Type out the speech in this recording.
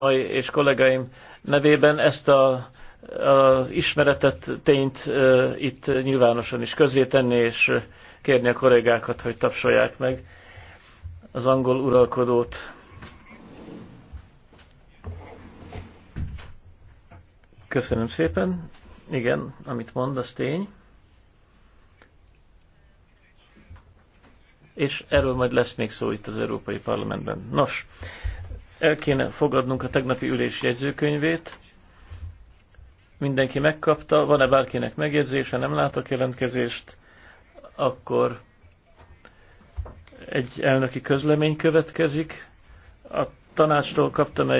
mai és kollégáim nevében ezt a, a ismeretet, tényt e, itt nyilvánosan is közé tenni, és kérni a kollégákat, hogy tapsolják meg az angol uralkodót. Köszönöm szépen. Igen, amit mond, az tény. És erről majd lesz még szó itt az Európai Parlamentben. Nos, el kéne fogadnunk a tegnapi ülés jegyzőkönyvét. Mindenki megkapta. Van-e bárkinek megjegyzése? Nem látok jelentkezést. Akkor egy elnöki közlemény következik. A tanácstól kaptam egy